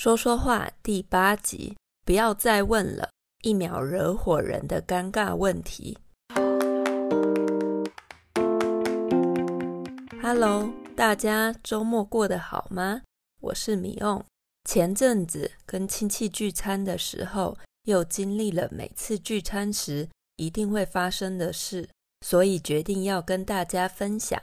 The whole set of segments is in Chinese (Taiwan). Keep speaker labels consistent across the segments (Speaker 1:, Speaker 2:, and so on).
Speaker 1: 說說話第八集，不要再問了，一秒惹火人的尷尬問題。Hello，大家周末過得好嗎？我是 Mion。前陣子跟親戚聚餐的時候，又經歷了每次聚餐時一定會發生的事，所以決定要跟大家分享。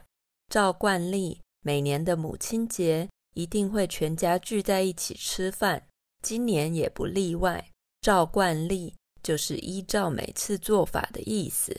Speaker 1: 照慣例，每年的母親節，一定會全家聚在一起吃飯，今年也不例外。照慣例，就是依照每次做法的意思。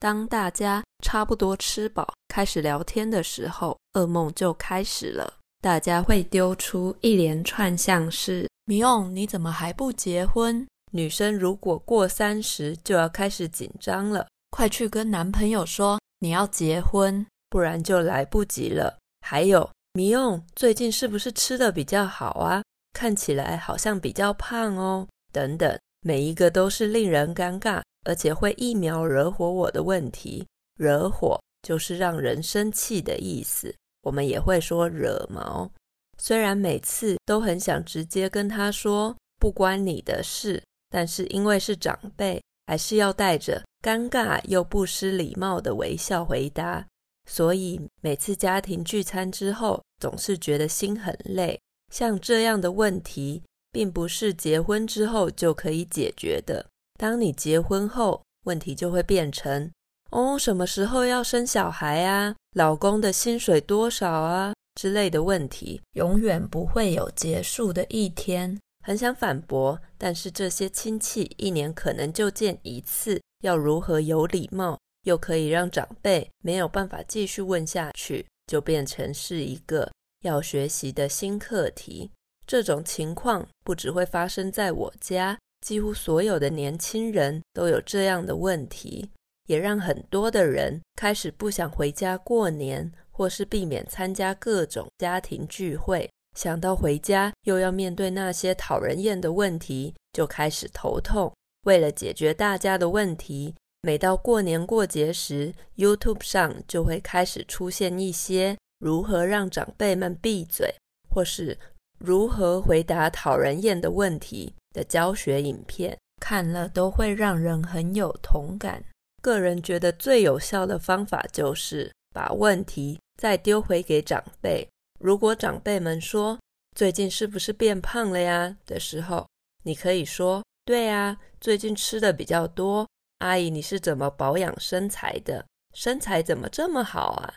Speaker 1: 當大家差不多吃飽，開始聊天的時候，噩夢就開始了。大家會丟出一連串像是：“Mion，你怎麼還不結婚？”女生如果過三十就要開始緊張了，快去跟男朋友說你要結婚，不然就來不及了。還有，Mion 最近是不是吃得比較好啊？看起來好像比較胖哦。等等，每一個都是令人尷尬，而且會一秒惹火我的問題。惹火就是讓人生氣的意思，我們也會說惹毛。雖然每次都很想直接跟他說不關你的事，但是因為是長輩，還是要帶着尷尬又不失禮貌的微笑回答。所以每次家庭聚餐之後，總是覺得心很累。像這樣的問題，並不是結婚之後就可以解決的。當你結婚後，問題就會變成：哦，什麼時候要生小孩啊？老公的薪水多少啊？之類的問題，永遠不會有結束的一天。很想反駁，但是這些親戚一年可能就見一次，要如何有禮貌？又可以讓長輩沒有辦法繼續問下去，就變成是一個要學習的新課題。這種情況不只會發生在我家，幾乎所有的年輕人都有這樣的問題，也讓很多的人開始不想回家過年，或是避免參加各種家庭聚會。想到回家又要面對那些討人厭的問題，就開始頭痛。為了解決大家的問題。每到過年過節時，YouTube 上就會開始出現一些如何讓長輩們閉嘴，或是如何回答討人厭的問題的教學影片，看了都會讓人很有同感。個人覺得最有效的方法就是把問題再丟回給長輩。如果長輩們說“最近是不是變胖了呀”的時候，你可以說：“對呀，最近吃的比較多。”阿姨，你是怎麼保養身材的？身材怎麼這麼好啊？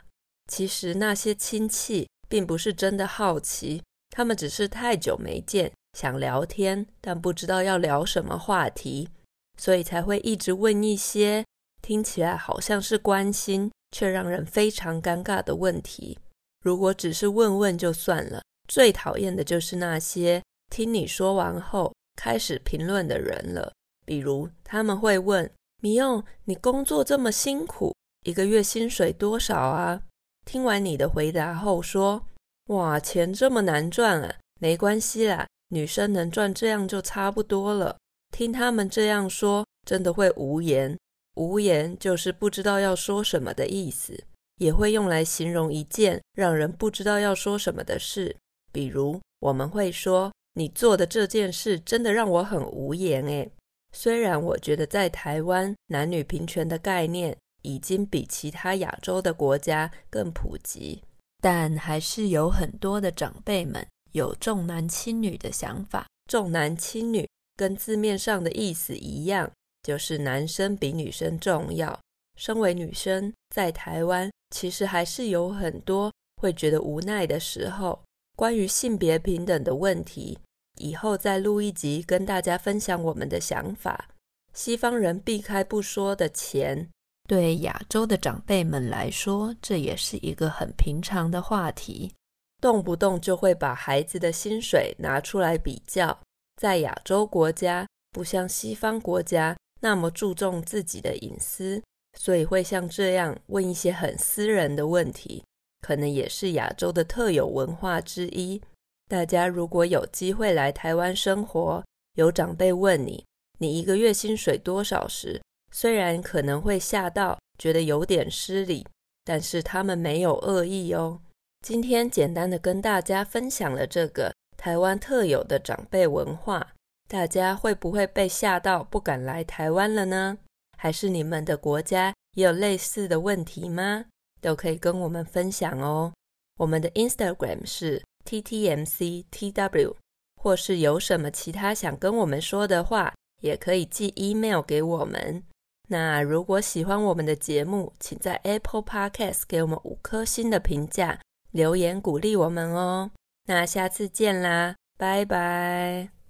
Speaker 1: 其實那些親戚並不是真的好奇，他們只是太久沒見，想聊天，但不知道要聊什麼話題，所以才會一直問一些聽起來好像是關心，卻讓人非常尷尬的問題。如果只是問問就算了，最討厭的就是那些聽你說完後開始評論的人了，比如他們會問，Mion，你工作這麼辛苦，一個月薪水多少啊？聽完你的回答後，說：哇，錢這麼難賺啊！沒關係啦，女生能賺這樣就差不多了。聽他們這樣說，真的會無言。無言就是不知道要說什麼的意思，也會用來形容一件讓人不知道要說什麼的事。比如我們會說：你做的這件事真的讓我很無言誒。雖然我覺得在台灣男女平權的概念已經比其他亞洲的國家更普及，但還是有很多的長輩們有重男輕女的想法。重男輕女跟字面上的意思一樣，就是男生比女生重要。身為女生，在台灣其實還是有很多會覺得無奈的時候，關於性別平等的問題。以後再錄一集，跟大家分享我們的想法。西方人避開不說的錢，對亞洲的長輩們來說，這也是一個很平常的話題。動不動就會把孩子的薪水拿出來比較。在亞洲國家，不像西方國家那麼注重自己的隱私，所以會像這樣問一些很私人的問題，可能也是亞洲的特有文化之一。大家如果有機會來台灣生活，有長輩問你，你一個月薪水多少時，雖然可能會嚇到，覺得有點失禮，但是他們沒有惡意哦。今天簡單的跟大家分享了這個台灣特有的長輩文化，大家會不會被嚇到不敢來台灣了呢？還是你們的國家也有類似的問題嗎？都可以跟我們分享哦。我們的 Instagram 是。T T M C T W，或是有什麼其他想跟我們說的話，也可以寄 email 給我們。那如果喜歡我們的節目，請在 Apple Podcast 給我們五顆星的評價，留言鼓勵我們哦。那下次見啦，拜拜。